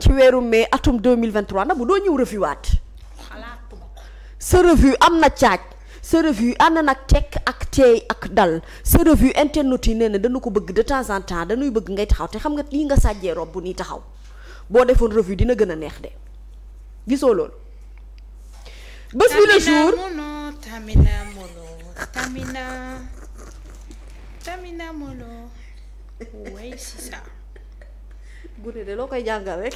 ci weeru mais atum 2023 ndax bu doo ñëw revue waat sa revue am na caaj sa revue ànd nag tekk ak teey ak dal sa revue internet yi nee na ko bëgg de temps en temps dañuy bëgg ngay taxaw te xam nga lii nga sàjjee rob bu taxaw boo defoon revue dina gën a neex de gisoo loolu bés bi le jour tamina molo tamina gune de loo koy jàngal rek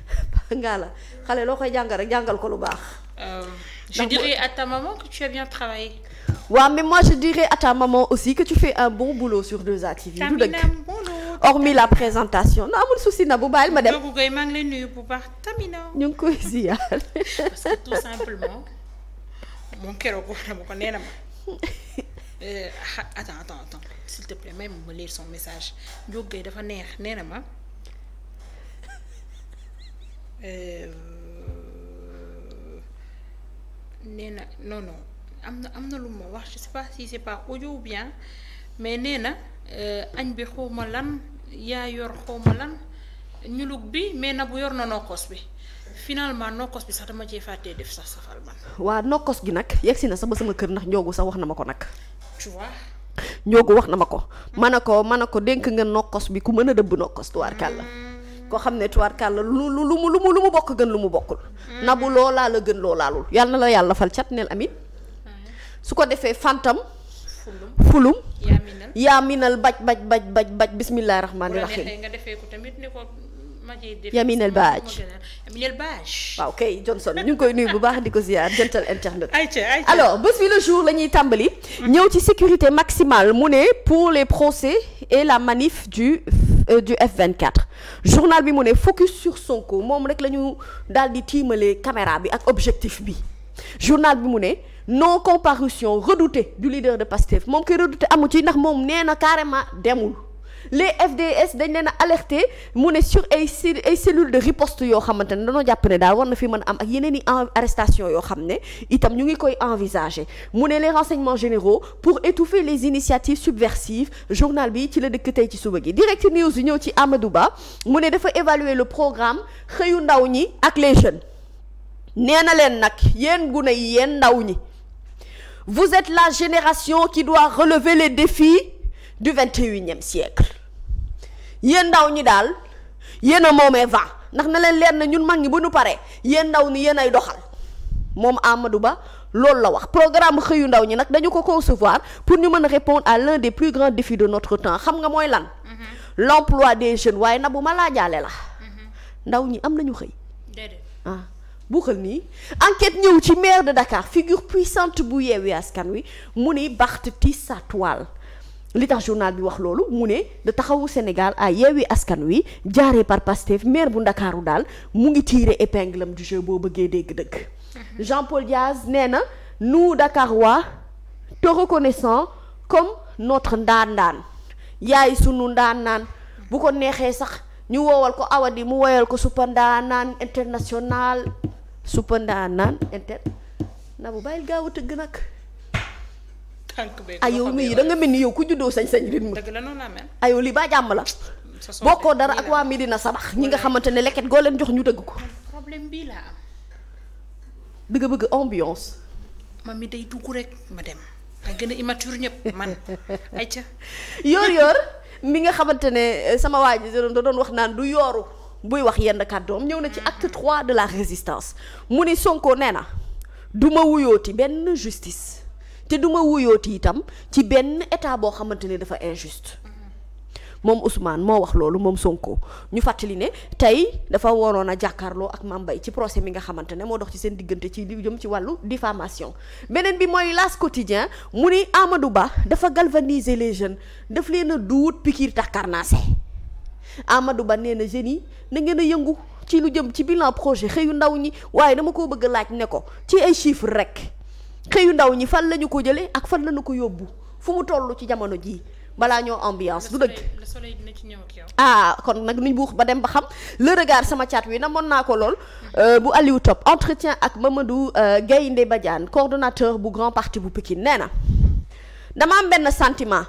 ngaa la xale loo koy jàngal rek jàngal ko lu baax. Euh, je dirais à ta maman que tu as bien travaillé. waaw ouais, mais moi je dirais à maman aussi que tu fais un bon boulot sur 2ATV. du dëgg hormis la présentation non amul souci na bu bàyyil ma dem. Ndogo Gueye maa ngi lay nuyu bu baax Tamina. ñu ngi koy ziar. parce que tout moom keroog wax na ko nee na ma. Euh, ah, attends attends attends s'il te plaît may ma lire son message Ndogo dafa neex nee ma. Euh, nee na non am na am na lu ma wax je sais pas si c'est pas audio ou bien mais nee na euh, añ bi ma lan yaa yor xaw ma lan ñulug bi mais na bu yor na nokkos bi finalement nokkos bi sax dama cee fàttee def sax safal man waa nokkos gi nag yegsi na sama sama kër ndax njoogu sax wax na ma ko nag tu vois njoogu wax na ma ko ma ne ko mën ne ko dénk nga nokkos bi ku mën a dëbb nokkos la koo xam ne tubaarkàlla lu lu lu mu lu mu lu mu bokk gën lu mu bokkul. Mm-hmm. nabu loolaa la gën loolaalul yal na la yàlla fal cat neel amin mm-hmm. su ko defee fantam. fulum yaaminal baj baj baj baj baj bismillahi rahmaani rahim yaminel baaj waaw kay Johnson ñu ngi koy nuyu bu baax di ko ziar gentle internet alors bés bi le jour la ñuy tàmbali mm-hmm. ñëw ci sécurité maximale mu ne pour les procès et la manif Euh, du F24 journal bi mu ne focus sur Sonko moom rek la ñu daal di tiimale caméra bi ak objectif bi journal bi mu ne non comparution redoutée du leader de Pastef moom koy redouté amu ci ndax moom nee na carrément demul les FDS dañ leen a alerté mu ne sur ay ay cellules de riposte yoo xamante ne dañoo jàpp ne daal war na fi mën am ak yeneen i arrestation yoo xam ne itam ñu ngi koy envisager mu ne les renseignements généraux pour étouffer les initiatives subversives journal bi ci la dëkk tey ci suba gi direct news yi ñëw ci Amadou Ba mu ne dafa évaluer le programme xëyu ndaw ñi ak les jeunes nee na leen nag yéen gune yen ndaw ñi vous êtes la génération qui doit relever les défis du vingt et unième siècle yéen ndaw ñi daal yéen a moomee vent ndax na leen leer na ñun mag ñi ba ñu pare yéen ndaw ni yéen ay doxal moom Amadou Ba loolu la wax programme xëyu ndaw ñi nag dañu ko concevoir pour ñu mën a répondre à l'un des plus grands défis de notre temps xam nga mooy lan mm-hmm. l'emploi des jeunes waaye nag bu ma laajaale la mm-hmm. ndaw ñi am nañu xëy ah bu xal nii enquête ñëw ci maire de Dakar figure puissante bu Yewwi Askan Wi mu ni Barth tisse sa toile li tax journal bi wax loolu mu ne da taxawu Sénégal à yeewi askan wi jaaree par Pastef maire bu ndakaaru daal mu ngi tiire épingle am du jeu boo bëggee dégg dëgg mhm. Jean Paul Diaz nee na nous Dakarois te reconnaissons comme notre ndaan ndaan yaay sunu ndaan naan bu ko neexee sax ñu woowal ko awadi mu woyal ko suppa ndaan naan international suppa ndaan naan inter na bu bàyyil gaaw a tëgg nag ayow mii da nga mel ni yow ku juddoo sañ-sañ rythme ayow lii baa jàmm la bokkoo dara ak waa dina Sabax ñi nga xamante ne leket goo leen jox ñu dëgg ko problème bii laa nga bëgg ambiance ma mi day dugg rek ma dem nga ñëpp man ay ca yoor yoor mi nga xamante ne eh, sama waa ji da doon wax naan du yooru buy wax yenn kàddoom ñëw na ci acte mm-hmm. trois de la résistance mu ni Sonko nee na du ma wuyooti benn justice te du ma wuyooti itam ci benn état boo xamante ne dafa injuste moom Ousmane moo wax loolu moom Sonko ñu fàttali ne tey dafa waroon a jàkkaarloo ak Mame Mbaye ci procès mi nga xamante ne moo dox ci seen diggante ci li jëm ci wàllu diffamation beneen bi mooy L'As Quotidien mu ni Amadou Ba dafa galvaniser les jeunes daf leen a duut pikiir tax karnaase Amadou Ba nee na jeunes yi na ngeen a yëngu ci lu jëm ci bilan projet xëyu ndaw ñi waaye dama ko bëgg laaj ne ko ci ay chiffres rek xëyu ndaw ñi fan lañu ñu ko jëlee ak fan la ñu ko yóbbu fu mu toll ci jamono jii balaa ñoo ambiance du dëgg ah kon nag nuñ buux ba dem ba xam le sama caat wi mën naa ko lool euh, bu Aliou Top entretien ak Mamadou euh, Gaynde Badiane coordonnateur bu grand parti bu Pikine nee na dama am benn sentiment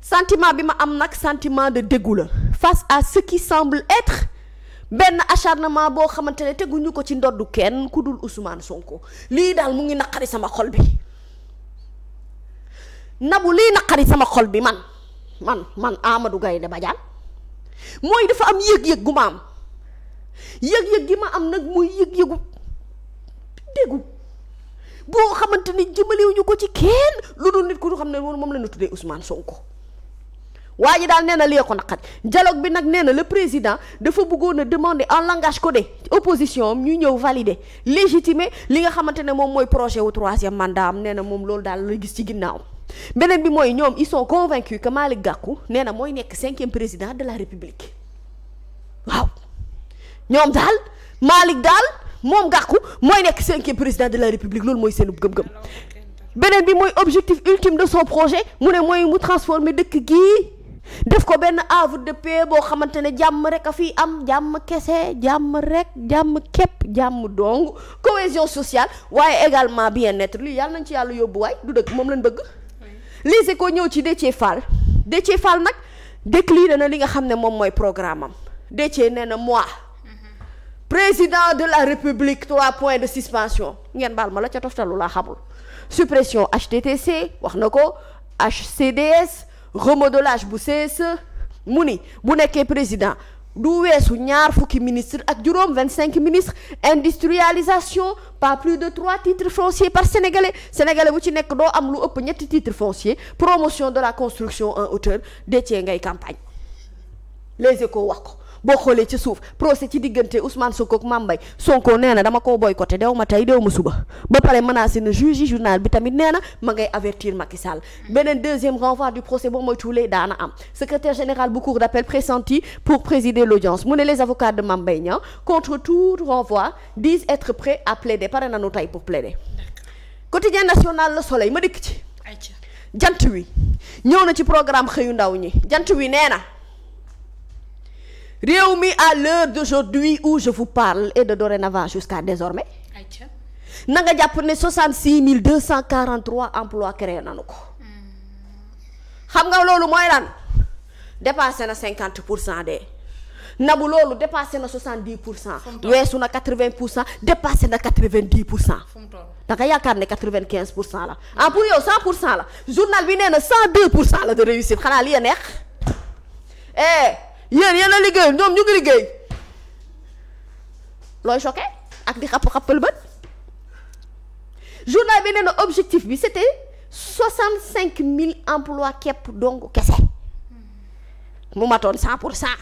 sentiment bi ma am nag sentiment de déggu la face à ce qui semble être benn acharnement boo xamante ne teguñu ko ci ndoddu kenn ku dul Ousmane Sonko lii daal mu ngi naqari sama xol bi nabu lii naqari sama xol bi man man man Amadou Gaynde Badiane mooy dafa am yëg-yëg gu ma am yëg-yëg gi ma am nag muy yëg-yëgu déggu boo xamante ni jëmalewu ñu ko ci kenn lu dul nit ku ñu xam ne moom la ñu tuddee Ousmane Sonko. waa ji daal nee na lee ko naqari dialogue bi nag nee na le président dafa buggoon a demander en langage codé opposition am ñu ñëw valider légitimer li nga xamante ne moom mooy projet wu troisième mandat am nee na moom loolu daal la gis ci ginnaaw beneen bi mooy ñoom ils sont convaincus que Malick Gakou nee na mooy nekk cinquième président de la république waaw ñoom daal Malick daal moom Gakou mooy nekk cinquième président de la république loolu mooy seenub gëm-gëm beneen bi mooy objectif ultime de son projet mu ne mooy mu transformer dëkk gii def ko benn havre de boo xamante ne jàmm rek a fi am jàmm kese jàmm rek jàmm kepp jàmm dong cohésion sociale waaye également bien-être lii yàlla nañ ci yàlla yóbbu waay du dëkk moom lañ bëgg lii si ko ñëw ci Déthié Fall Déthié Fall nag décliné na li nga xam ne moom mooy programme am Déthié nee na moi mm-hmm. président de la république trois points de suspension ngeen baal ma la ca toftalu laa xamul suppression HTTC wax na ko HCDS remodelage bu CSE mu ni bu nekkee président du weesu ñaar fukki ministre ak juróom vingt cinq ministre industrialisation pas plus de trois titres fonciers par sénégalais sénégalais bu ci nekk doo am lu ëpp ñetti titres fonciers promotion de la construction en hauteur décee ngay campagne les ko wax ko boo xoolee ci suuf procès ci diggante Ousmane Sonko ak Mame Mbaye Sonko nee na dama koo boycotté dew ma tey dew ma suba ba pare menacé na juge yi journal bi tamit nee na ma ngay avertir Macky Sall beneen deuxième renvoi du procès boo mooy tuulee daana am secrétaire général bu cour d'appel pressenti pour présider l'audience mu ne les avocats de Mame Mbaye Niang contre tout renvoi disent être prêts à plaider pare na nañu tey pour plaider quotidien national Le Soleil ma dikk ci jant wi ñëw na ci programme xëyu ndaw ñi jant wi nee na réew mi à l'heure d'aujourd'hui où je vous parle et de dorénavant jusqu'à désormais na nga jàpp ne 66 243 emplois créé nanu ko xam nga loolu mooy lan dépassé na 50 pour cent de nabu loolu dépassé na 70 pour cent weesu na 80 pour cent dépassé na 90 pour cent da nga yaakaar ne 95 pour cent la ah pour yow 100 pour cent la journal bi nee na 102 pour cent la de réussite xanaa li a neex eh, yéen yéen a liggéeyul ñoom ñu ngi liggéey looy choqué ak di xapp xappal bët journal bi nee na objectif bi te soixante cinq mille emplois képp dong kese mu matoon cent pour cent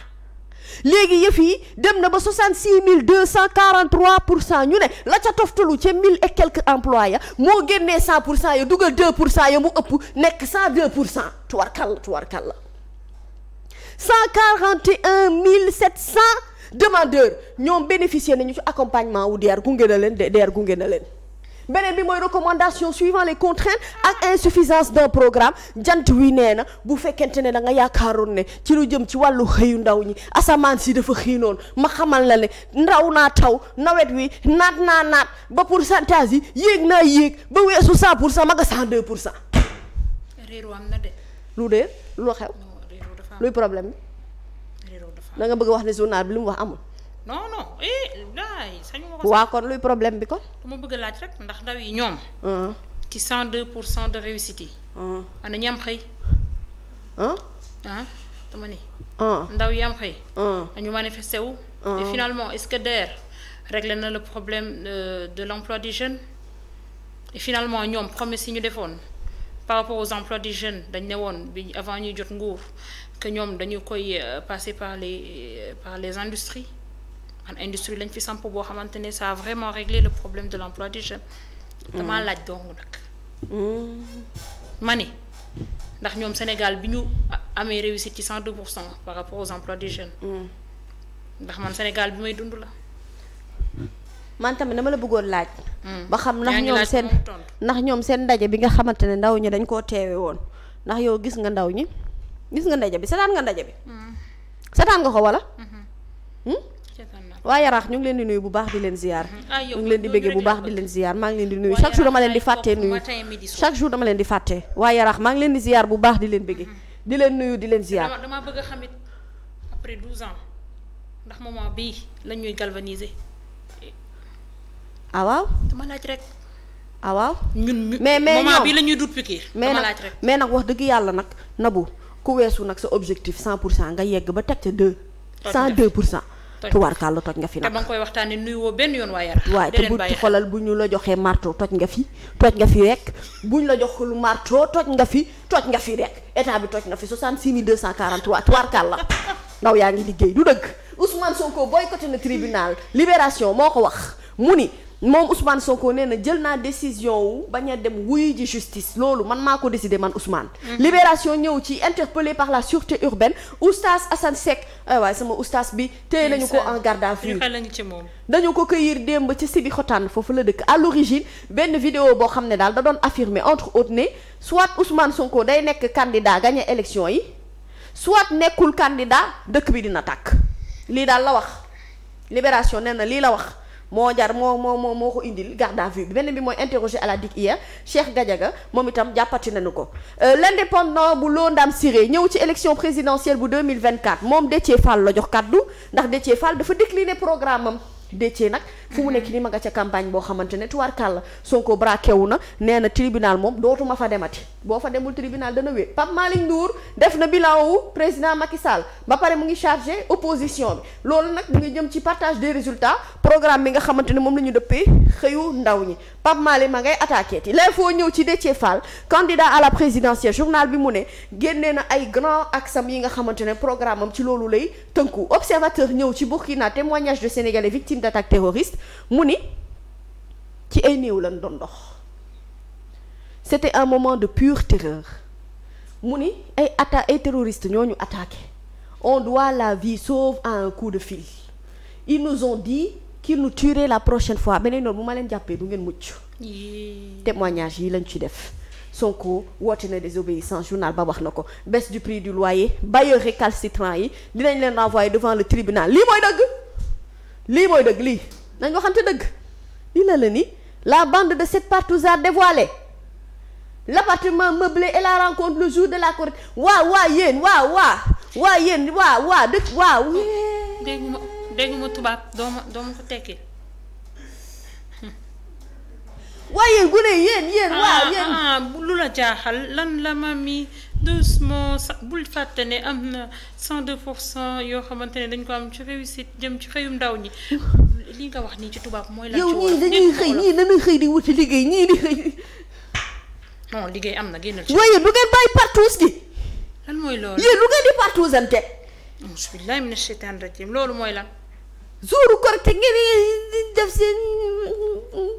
léegi yëf yi dem na ba soixante six mille deux cent quarante trois pour cent ñu ne la ca toftalu ca mille et quelques emplois ya moo génnee cent pour cent ya dugal deux pour cent ya mu ëpp nekk cent deux pour cent tuwarkal la tuwarkal la 141 700 demandeurs ñoom bénéficier nañu ci accompagnement wu DER gunge na leen DER gunge na leen. beneen bi mooy recommandation suivant les contraintes ak insuffisance d'un programme jant wi nee na bu fekkente ne da nga yaakaaroon ne ci lu jëm ci wàllu xëyu ndaw ñi asamaan si dafa xiinoon ma xamal la ne ndaw naa taw nawet wi naat naa naat ba pourcentage yi yéeg naa yéeg ba weesu 100 pour cent ma pour cent. réeru lu dee lu xew. luy problème bi. da bëgg wax ne journal bi lu mu wax amul. non non eh ko. waa kon luy problème bi kon. ma bëgg laaj rek ndax ndaw yi ñoom. ci 102 pour cent de réussite ana ñi am xëy. ah dama yi am dañu manifesté wu. et finalement est-ce que DER réglé na le problème euh, de l'emploi des jeunes et finalement ñoom promesse yi ñu defoon. par rapport aux emplois des jeunes dañ ne woon bi avant ñuy jot nguur que ñoom dañu koy euh, passer par les euh, par les industries an industrie lañ fi samp boo xamante ne ça a vraiment réglé le problème de l'emploi des jeunes damaa mm. laaj dong nag mm. ma ni ndax ñoom Sénégal bi ñu amee réussite ci cent deux cent par rapport aux emplois des jeunes mm. ndax man Sénégal bi may dund la man tamit dama la bëggoon laaj. Hmm. ba xam ndax ñoom seen ndax ñoom seen ndaje bi nga xamante ne ndaw ñi dañ koo teewe woon ndax yow gis nga ndaw ñi gis nga ndaje bi seetaan nga ndaje bi. Hmm. seetaan nga ko wala. Hmm. waa yaraax ñu ngi leen di nuyu bu baax di leen ziar. Ah, ñu ngi leen di bëggee bu baax di leen ziar maa ngi leen di nuyu chaque jour dama leen di fàttee nuyu chaque jour dama leen di fàttee waa yaraax maa ngi leen di ziar bu baax di leen bëggee di leen nuyu di leen ziar. dama bëgg a xam it après 12 ans ndax moment bii la ñuy galvaniser ah waaw. dama laaj rek. ah waaw. ñun mais mais moment la ñuy dut piqûre. dama laaj rek mais nag wax dëgg yàlla nag nabu ku weesu nag sa objectif 100 pour cent nga yegg ba teg ca 2. 102 pour cent. tuwaarkaal la toj nga fi nag te koy waxtaanee nuyoo benn yoon waaye. waaye te bu xoolal bu ñu la joxee marteau toj nga fi toj nga fi rek bu ñu la jox lu marteau toj nga fi toj nga fi rek état bi toj na fi 66 243 tuwaarkaal la ndaw yaa ngi liggéey du dëgg Ousmane Sonko boycotté na tribunal Libération moo ko wax mu ni moom Ousmane Sonko nee na jël naa décision wu bañ a dem wuyu ji justice loolu man maa ko décidé man Ousmane. Mhm. Libération ñëw ci interpellé par la sûreté urbaine oustaz Assane Seck waaye sama oustaz bi. téye nañu ko en garde à vue moom. dañu ko cueillir démb ci Sibi Xotaan foofu la dëkk à l'origine benn vidéo boo xam ne daal da doon affirmer entre autres ne soit Ousmane Sonko day nekk candidat gagné élection yi soit nekkul candidat dëkk bi dina takk lii daal la wax Libération nee na lii la wax. moo jar moo moo moo ko indil garde à vue bi beneen bi mooy interrogé à la DIC hier Cheikh Gadiaga moom itam jàppati nañu ko euh, l'indépendant bu loo ndam Siré ñëw ci élection présidentielle bu 2024 moom Déthié Fall la jox kàddu ndax Déthié Fall dafa décliné programme am Déthié nag fu mu nekk nii ma nga ca campagne boo xamante ne tubaarkàlla Sonko braqué wu na nee tribunal moom dootuma fa demati boo fa demul tribunal dana wéet Pape Malick Ndour def na bilan wu président Macky Sall ba pare mu ngi chargé opposition bi loolu nag mu ngi jëm ci partage des résultats programme bi nga xamante ne moom la ñu dëppee xëyu ndaw ñi Pape Malick ma ngay attaqué ti lay foo ñëw ci Déthié Fall candidat à la présidentielle journal bi mu ne génnee na ay grand axe am yi nga xamante ne programme am ci loolu lay tënku observateur ñëw ci Burkina témoignage de Sénégalais victimes d'attaques terroristes mu ni ci ay néew lañ doon ndox c'était un moment de pure terreur mu ni ay atta ay terroristes ñoo ñu attaqué on doit la vie sauve à un coup de fil ils nous ont dit qu'ils nous tueraient la prochaine fois beneen yoon bu ma leen jàppee bu ngeen mucc témoignage yi lañ ci def Sonko woote na désobéissance journal ba wax na ko baisse du prix du loyer bailleurs récalcitrants yi dinañ leen renvoyer devant le tribunal lii mooy dëgg lii mooy dëgg lii nañ waxante dëgg lii la la ni la bande de sept partouzards dévoilée l'appartement meublé et la rencontre le jour de la Korité waa waa yéen waa waa waa yéen waa waa dëgg waaw dégguma dégguma tubaab dooma dooma ko tekki waaye yéen gune yéen yéen waaw ah, yéen ah, lu la jaaxal lan la ma mi doucement sax bul fàtte ne am na cent deux pour cent yoo xamante ne dañ ko am ci réussite jëm ci xëyum ndaw ñi lii nga wax nii ci tubaab mooy. lan ci yow ñii dañuy xëy ñii dañuy xëy di wuti liggéey ñii di xëy. non liggéey am na génnal ci. waaye du ngeen bàyyi partous di. lan mooy loolu yéen loolu mooy lan. suuru korite ngeen di def seen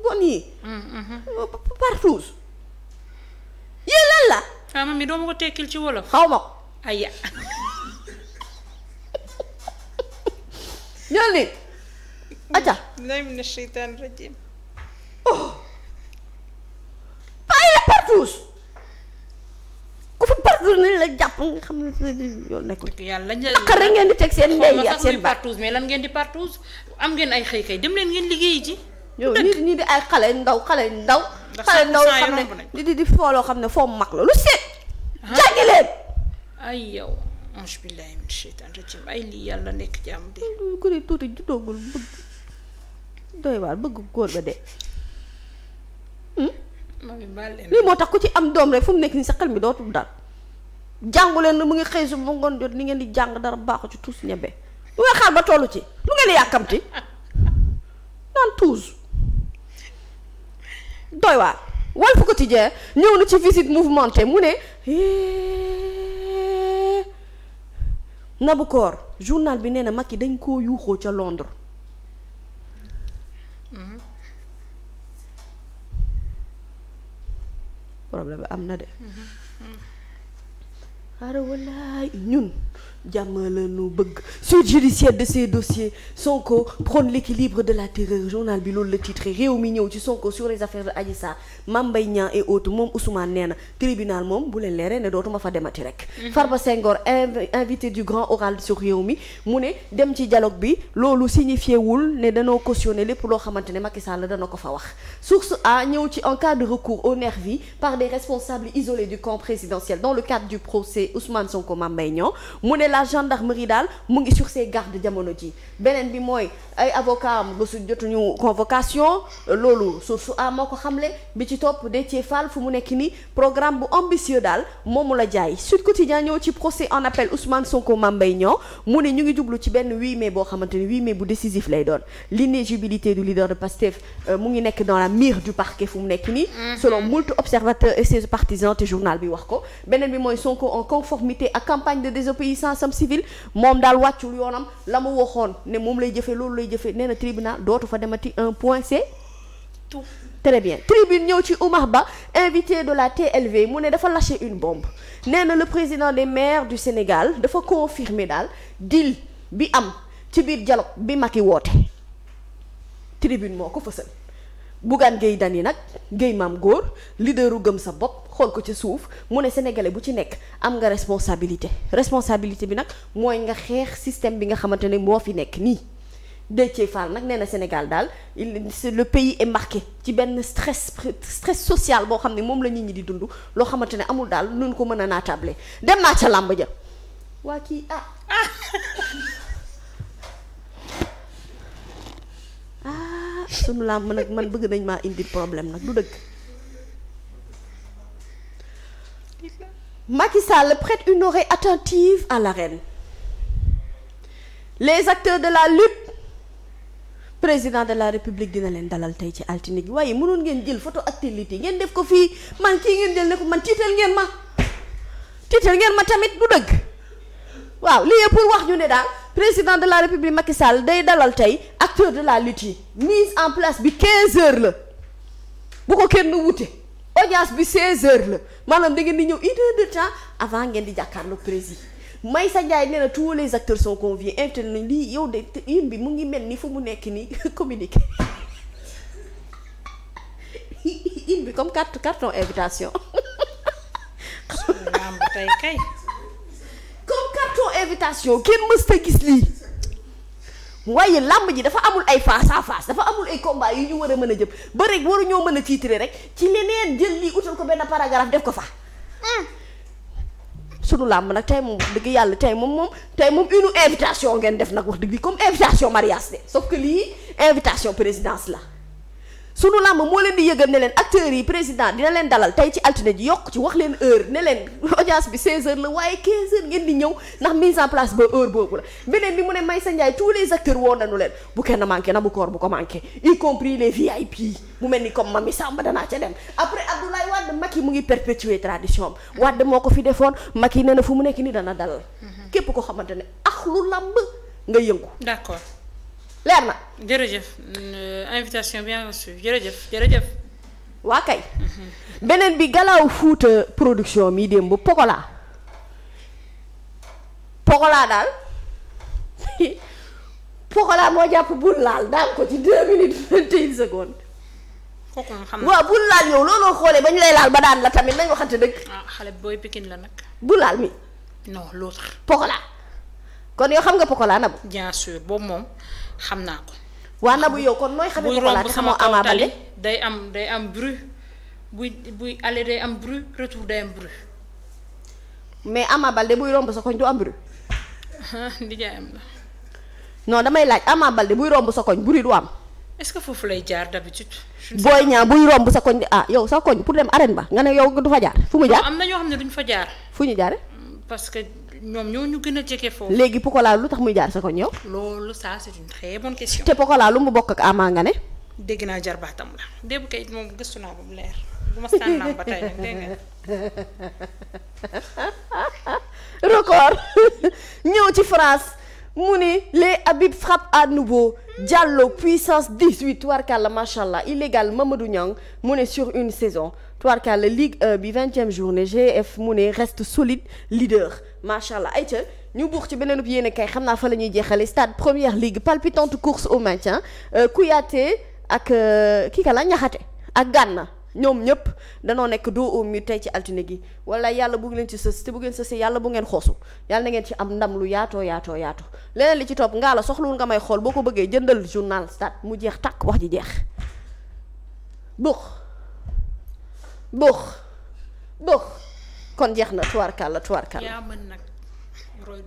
bon yi. Mm, mm-hmm. partous. yéen lan la. ah mami ci wolof. xaw aca nay mina sheytaan rajim bàyyi oh. la partouche ku fa partouche nañ la jàpp nga xam ne yoon nekkul ngeen di teg seen ndey ak seen baat mais lan ngeen di partouche am ngeen ay xëy kay dem leen ngeen liggéeyi ji yow ñii di ay xale ndaw xale ndaw xale ndaw xam ne di di di fooloo xam ne foo mag la lu seet jàngi leen ay yow ange billahi min sheytaan rajim ay lii yàlla nekk jàmm de ku ne tuuti juddoogul bëgg doy waar bëgg góor ba de. Hmm? lii moo tax ko ci am doom rek fu mu nekk nii sa xel mi dootul dal jàngu leen mu ngi xëy su ba ngoon jot li ngeen di jàng dara baaxu ci tuus ñebe lu ngay xaar ba tollu ci lu ngeen di yàkkamti naan tuus doy waar Walf Quotidien ñëw na ci visite mouvementée mu ne Nabu Koor journal bi nee na yi dañ koo yuuxoo ca Londres problème am na de. Mm-hmm. Mm-hmm. xaaral walaay ñun jàmm la ñu bëgg suite judiciaire de ces dossiers Sonko prône l'équilibre de la terreur journal bi loolu la titre réew mi ñëw ci Sonko sur les affaires de Adji Sarr Mame Mbaye et autres moom Ousmane nee na tribunal moom bu leen leeree ne dootuma fa demati rek mhm. Farba Senghor invité du grand oral sur réew mi mu ne dem ci dialogue bi loolu signifié wul ne danoo cautionné lépp loo xamante ne Macky Sall dana ko fa wax su a ñëw ci en cas de recours aux par des responsables isolés du camp présidentiel dans le cadre du procès Ousmane Sonko Mame Mbaye la gendarmerie daal mu ngi sur ses jamono ji beneen bi mooy ay avocat am su jotuñu convocation loolu su su a moo ko bi ci topp Déthié Fall fu mu nekk ni programme bu ambitieux daal moomu la jaay Sud Quotidien ñëw ci procès en appel Ousmane Sonko Mame Mbaye mu ne ñu ngi jublu ci benn 8 mai boo xamante ne 8 mai bu décisif lay doon l'inéligibilité du leader de Pastef euh, mu ngi nekk dans la mire du parquet fu mu nekk ni mhm. selon moult observateurs bi wax ko défense am civile moom daal wàccul yoonam la mu waxoon ne moom lay jëfe loolu lay jëfe nee na tribunal dootu fa demati un point c'est tout très bien tribune ñëw ci Oumar Ba invité de la TLV mu ne dafa lâché une bombe nee na le président des maires du Sénégal dafa confirmer daal dil bi am ci biir dialogue bi Macky woote tribune moo ko fësal Bougane Gueye dani nag Gueye Mame Góor leaderu gëm sa bopp xool ci suuf mu ne sénégalais bu ci nekk am nga responsabilité responsabilité bi nag mooy nga xeex système bi nga xamante ne moo fi nekk nii Déthié Fall nag nee na Sénégal daal le pays est ci benn stress social boo xam ne moom la nit ñi di dund loo xamante ne amul daal lu nun ko mën a naatable dem naa ca làmb ja waa kii ah ah sunu làmb nag man bëgg nañ maa indi problème nag du dëkk Macky Sall prête une oreille attentive à la reine les acteurs de la lutte président de la république dina leen dalal tey ci altine gi waaye mënoon ngeen jël photo actualité ngeen def ko fii man kii ngeen jël ne ko man tiital ngeen ma tiital ngeen ma tamit du dëgg waaw lii pour wax ñu ne daal président de la république Macky Sall day dalal tey acteurs de la lutte yi mise en place bi 15 heures la bu ko kenn wute. audience bi 16 heure la maanaam da ngeen di ñëw une heure de temps avant ngeen di jàkkaarloo président may sa nee na tous les acteurs sont conviés invité nañ lii yow de une bi mu ngi mel ni fu mu nekk nii communiqué une bi comme quart carton invitation. suñu lamb tey invitation kenn mës ta gis lii. waaye làmb ji dafa amul ay face à face dafa amul ay combat yu ñu war a mën a jëm ba rek ñoo mën a tiitrer rek ci leneen jël lii utal ko benn paragraphe def ko fa. Hmm. sunu làmb nag tey moom wax dëgg yàlla tey moom moom tey moom une invitation ngeen def nag wax dëgg comme invitation mariage de sauf que lii invitation présidence la. sunu làmb moo leen di yëgal ne leen acteurs yi président dina leen dalal tey ci altine ji yokk ci wax leen heure ne leen audience bi 16h la waaye 15h ngeen di ñëw ndax mise en place ba heure boobu la beneen bi mu ne Maysa Ndiaye tous les acteurs woo nañu leen bu kenn manqué na koor bu ko manqué y compris les VIP mu mel ni comme Mami Samba danaa ca dem après Abdoulaye Wade Macky mu ngi perpétuer tradition am Wade moo ko fi defoon Macky nee leer na. jërëjëf euh, invitation bien reçue jërëjëf jërëjëf. waa kay. Mhm. beneen bi galaaw fuuta production mi démb Pokola. Pokola daal Pokola moo jàpp bul laal daan ko ci deux minutes vingt et une xam waaw bul laal yow looloo xoolee ba ñu lay laal ba daan la tamit nañ waxante dëgg. ah xale booy Pikine la nag. bul laal mi. non l'autre. kon yow xam nga Pokola na. bien boobu moom. xam naa ko. waa na Nabou yow kon nooy xamee ko balaa te xamoo Ama Baldé day am day am bruit buy buy aller day am bruit retour day am bruit. mais Ama Baldé romb sa koñ du am bruit. nijaayam la. non damay laaj Ama Baldé buy romb sa koñ bruit du am. est-ce que foofu lay jaar d'habitude. booy ñaa buy romb sa koñ ah yow sa koñ pour dem arène ba nga ne yow du fa jaar fu mu jaar. am na ñoo xam ne duñ fa jaar. fu ñu jaaree. Mm, parce que. ñoom ñoo ñu gën a jege foofu. léegi Pokola lu tax muy jaar sa ko ñëw. loolu ça c'est une très bonne question. te lu mu bokk ak Ama nga ne. dégg naa jarbaatam la débu kay moom gëstu naa ba mu leer bu ma sànnaam ba record ñëw ci France mu ni les Habib frappe à nouveau Diallo puissance 18 warkalla macha allah illégal ma Mamadou Niang mu ne sur une saison. tubaarkàlla Ligue 1 bi vingtième journée GF mu ne reste solide leader macha allah ay ayca ñu buux ci beneen yéen kay xam naa fa la ñuy jeexale stade première ligue palpitante course au ku euh, Kouyaté ak euh, kii ka la Niakhaté ak Gana ñoom ñëpp danoo nekk doo au mur tey ci altine gi wala yàlla bu ngi leen ci sës te bu ngeen sësee yàlla bu ngeen xoosu yàlla na ngeen ci am ndam lu yaato yaato yaatoo leneen li ci topp ngaa la soxlawul nga may xool boo ko bëggee jëndal journal stade mu jeex tàkk wax ji jeex bëx bëx kon jeex na tuwaarkàlla tuwaarkàlla. yaa mën nag roy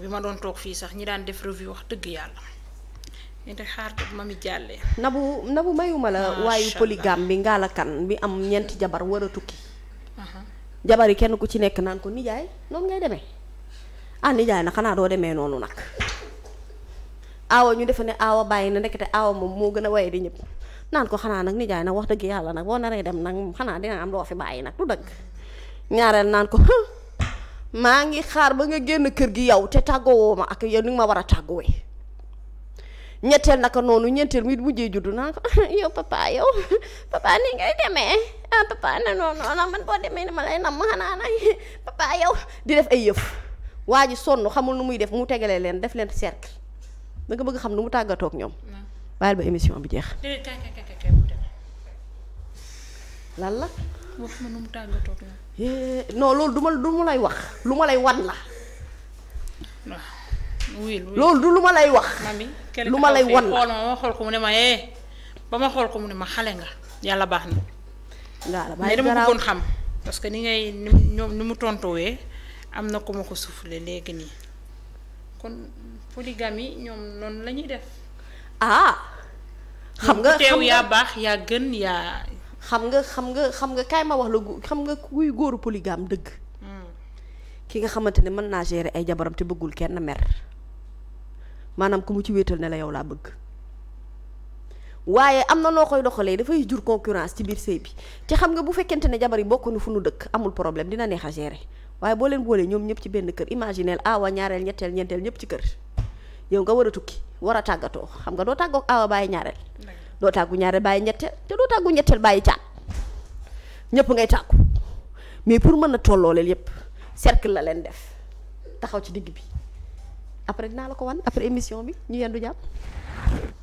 bi ma doon toog fii sax ñi daan def revue wax dëgg yàlla. ñu ngi xaar ko nabu nabu mayuma la waayu polygame bi ngaala bi am ñeenti jabar war a tukki. jabar yi kenn ku ci nekk naan ko nijaay noonu ngay demee ah nijaay na xanaa doo demee noonu nag. aawa ñu defe ne aawa bàyyi na ndekete aawa moom moo gën a waye di ñëpp naan ko xanaa nag nijaay nag wax dëgg yàlla nag boo naree dem nag xanaa dina am loo fi bàyyi nag du dëgg ñaareel naan ko maa ngi xaar ba nga génn kër gi yow te tàggoowoo ma ak yow ni ma war a tàggoowee ñetteel naka noonu ñeenteel mi mujjee juddu naa ko ah, yow papa yow papa ni ngay demee ah ne non non man boo demee ni ma lay nam xanaa nag papa yow di def ay yëf waa ji sonn xamul nu muy def mu tegalee leen def leen cercle da nga bëgg xam nu mu tàggatoo ak ñoom. bàyyil ba émission bi jeex. lan la. wax ma nu mu tàggatoo ak ñoom. Eh, non loolu du ma du ma lay wax lu ma lay wan la. loolu du lu ma lay wax. lu ma lay wan la ma xool ko mu ne ma eh ba ma xool ko mu ne ma xale nga yàlla baax na. waaw bàyyi dama bëggoon xam parce que ni ngay ni ñoom ni mu tontowee am na ku ma ko soufflé léegi nii kon. yi ñoom noonu la ñuy def. ah. xam nga teew yaa baax yaa gën yaa. xam nga xam nga xam nga kaay ma wax la xam nga kuy góoru polygame dëgg. Hmm. ki nga xamante ne mën naa gérer ay jabaram te bëggul kenn mer maanaam ku mu ci wéetal ne la yow laa bëgg. waaye am na noo koy doxalee dafay jur concurrence ci biir sëy bi te xam nga bu fekkente ne jabar yi bokk nu fu nu dëkk amul problème dina neex a gérer waaye boo leen boolee ñoom ñëpp ci benn kër imagineel aawa ah ñaareel ñetteel ñeenteel ñëpp ci kër. yow nga war a tukki war a tàggatoo xam nga doo tàggoo awa bàyyi ñaareel doo tàggu ñaareel bàyyi ñetteel te doo tàggu ñetteel bàyyi caat ñëpp ngay tàggu mais pour mën a tolloo leen yëpp cercle la leen def taxaw ci digg bi après dinaa la ko wan après émission bi ñu du jàmm